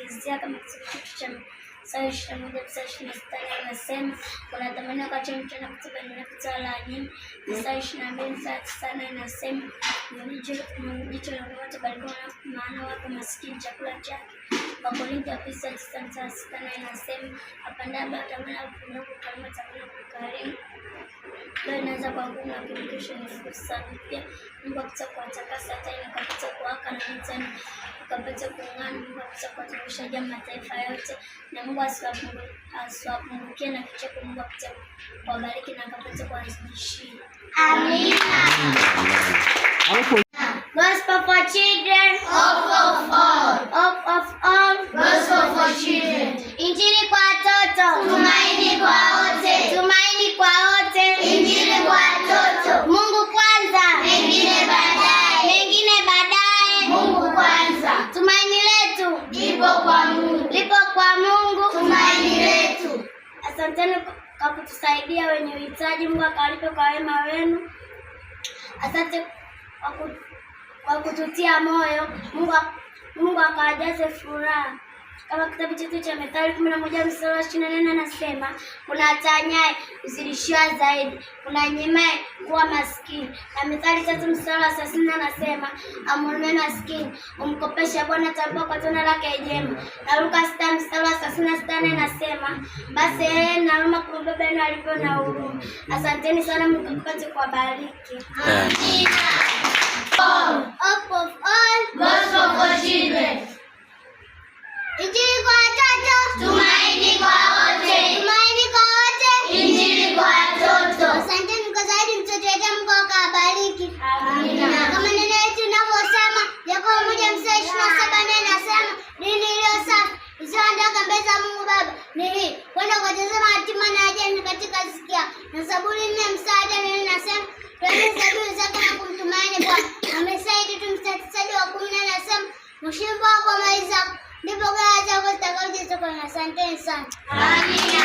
wakizia kama kitu cha saa ishirini na moja saa ishirini na sita inasema unatamani wakati mchana kutoka ndio kutoa la nyingi saa ishirini na mbili saa tisa na inasema mjicho mjicho na wote bali maana wako maskini chakula chake Wakorintho wa Kristo wa tisa mstari sita naye anasema apandaye mtama na kuvuna kutama chakula kukarimu, Leo naweza kwa nguvu na kimkisho ni fursa mpya. Mungu akapita kuwatakasa tena, akapita kuwaka na mtani, akapita kung'aa. Mungu akapita kuwatumishaji mataifa yote, na Mungu asiwapungukie na kicheko. Mungu akapita kuwabariki na akapita kuwazidishia. Amina. Bus for, for children. Of of all. Of of all. Bus for, for children. Injili kwa watoto. Tumaini kwa wote. Tumaini kwa wote. Injili kwa watoto. Mungu kwanza. Mengine baadaye. Mengine baadaye. Mungu kwanza. Tumaini letu lipo kwa Mungu. Lipo kwa Mungu. Tumaini letu. Asanteni kwa kutusaidia wenye uhitaji. Mungu akawalipe kwa wema wenu. Asante kwa kwa kututia moyo. Mungu, Mungu akawajaze furaha kama kitabu chetu cha Methali kumi na moja mstari wa ishirini na nane anasema kuna atanyaye huzidishiwa zaidi, kuna nyemaye kuwa maskini. Na Methali tatu mstari wa thelathini anasema amwombe maskini umkopesha Bwana atalipa kwa tendo lake jema. Na Luka sita mstari wa thelathini na sita basi yeye na Roma kumbeba yenu alivyo na huruma. Asanteni sana, Mungu atupate kuwabariki. Amina. all. Up of all. Best of all children. sana. Amina.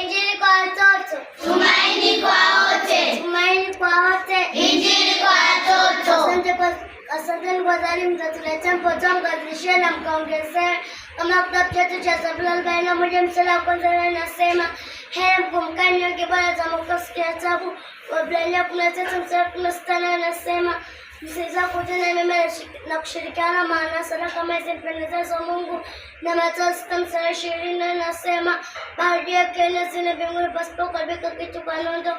Injili kwa watoto. Tumaini kwa wote. Tumaini kwa wote. Injili kwa watoto. Asante kwa asanteni kwa dhalimu mtatuletea mpoto mkazidishie na mkaongezea kama kitabu chetu cha Zaburi arobaini na moja mstari wa kwanza inasema heri mkumkani yake Bwana atakaposikia taabu. Waebrania kumi na tatu mstari wa kumi na sita na Mzizi kuja na mema na kushirikiana maana sana kama izimpendezazo Mungu. Na Mathayo sita mstari ishirini nasema bahari yake nne zina pasipo kuharibika kitu kwa nondo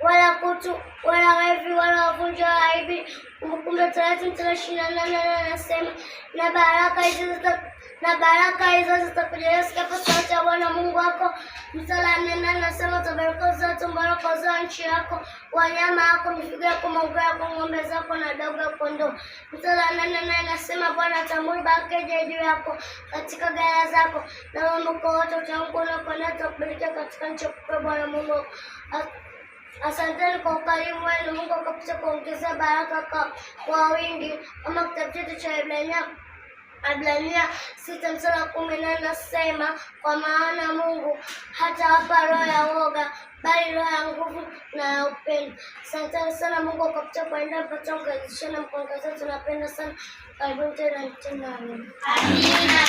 wala kutu wala wevi wala wavunja wa aibu. Kumbukumbu la Torati mstari ishirini na nane anasema na baraka hizi na baraka hizo zitakujalia sikapo sauti ya Bwana Mungu wako. Msala nenda nasema utabarika uzao mbaraka uzao, uzao nchi yako, wanyama yako, mifugo yako, maugao yako, ng'ombe zako na dogo ya kondoo. Msala nenda naye nasema Bwana tamuri baraka ije juu yako katika ghala zako na mamoko wote utamko na kwenda utakubariki katika nchi yako Bwana Mungu wako. Asanteni kwa ukarimu wenu Mungu akapita kuongeza baraka kwa wingi, kama kitabu chetu cha Ibrania adlania sita mstari kumi na nasema, kwa maana Mungu hata wapa roho ya woga, bali roho ya nguvu na ya upendo. Asanteni sana Mungu akapita kuenda mpata ukazishana mkuangaza. Tunapenda sana, karibuni tena tena. Amina.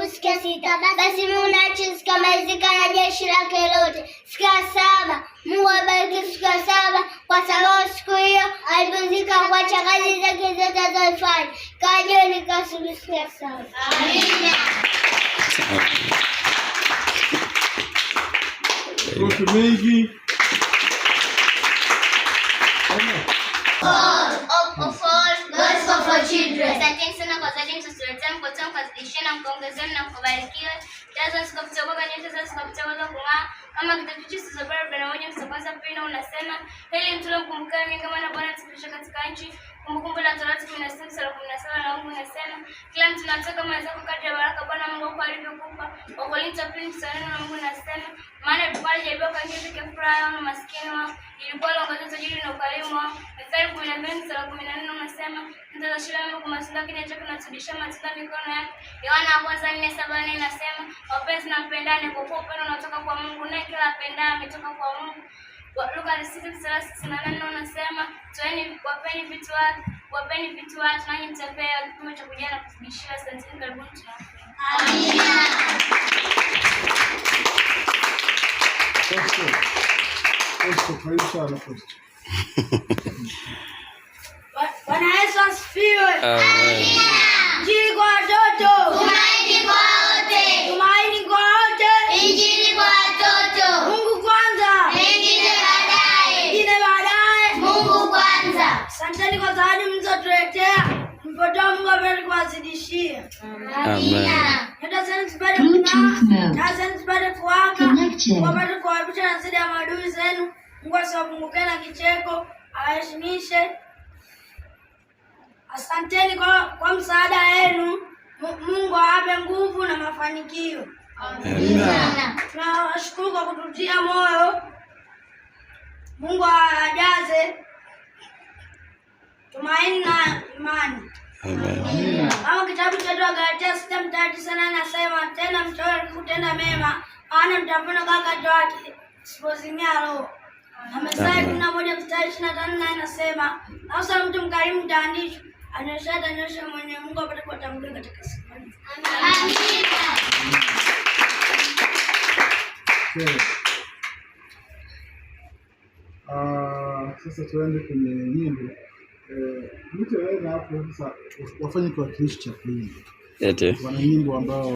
kusikia sita, basi Mungu nachisikia mazika na jeshi lake lote. Siku ya saba Mungu abariki siku ya saba, kwa sababu siku hiyo alipumzika kuacha kazi zake zote alizofanya. Ikawa jioni, siku ya saba. Amina. Mengi for children. Asanteni sana kwa wazalimu, tusiletee mkotoa mkazidishana mkaongezewe na mkabarikiwe. Jaza siku kutoboka nyota za siku kutoboka kama kitabu cha Zaburi arobaini na moja mstari kwanza pili unasema hili mtu mkumbukeni kama na Bwana tukulisha katika nchi. Kumbukumbu la Torati kumi na sita mstari kumi na saba na ungu kila mtu anatoka mwenzako Mungu alivyokupa kwa kulinda prince neno la Mungu nasema, maana tukali jaribiwa kwa kitu cha furaha yao na maskini wao, ilikuwa longozo tajiri na ukarimu wao. Mithali 12 mstari wa 14 unasema, mtu atashinda mema kwa matunda lakini nacho kinazidisha matunda mikono yake. Yohana wa kwanza 4:7 inasema, wapenzi na mpendane, kwa kuwa upendo unatoka kwa Mungu, na kila apendaye ametoka kwa Mungu. Luka 6:38 unasema, toeni, wapeni vitu watu, wapeni vitu watu, nanyi mtapewa, kipimo cha kujaa na kuzidishiwa. Asanteni, karibuni tuna When I was feeling, Jesus zipate kuwaka kuwaepusha na zidi ya maadui zenu. Mungu asiwapungukie na kicheko, awaheshimishe. Asanteni kwa, kwa msaada wenu. Mungu awape nguvu na mafanikio. Tunawashukuru kwa kututia moyo. Mungu ajaze tumaini na imani. Ama kitabu cha Wagalatia sita mstari tisa anasema tena mchoyo kutenda mema, ana mtavuna kwa wakati wake, usipozimia roho. Na Mithali kumi na moja mstari ishirini na tano naye anasema nafsi mtu mkarimu itaandishwa, anyooshaye atanyooshwa, mwenye Mungu apate kuwatangulia katika siku. Sasa tuende kwenye nyimbo. Eh, wafanye kiwakilishi cha kuimba wana nyimbo ambao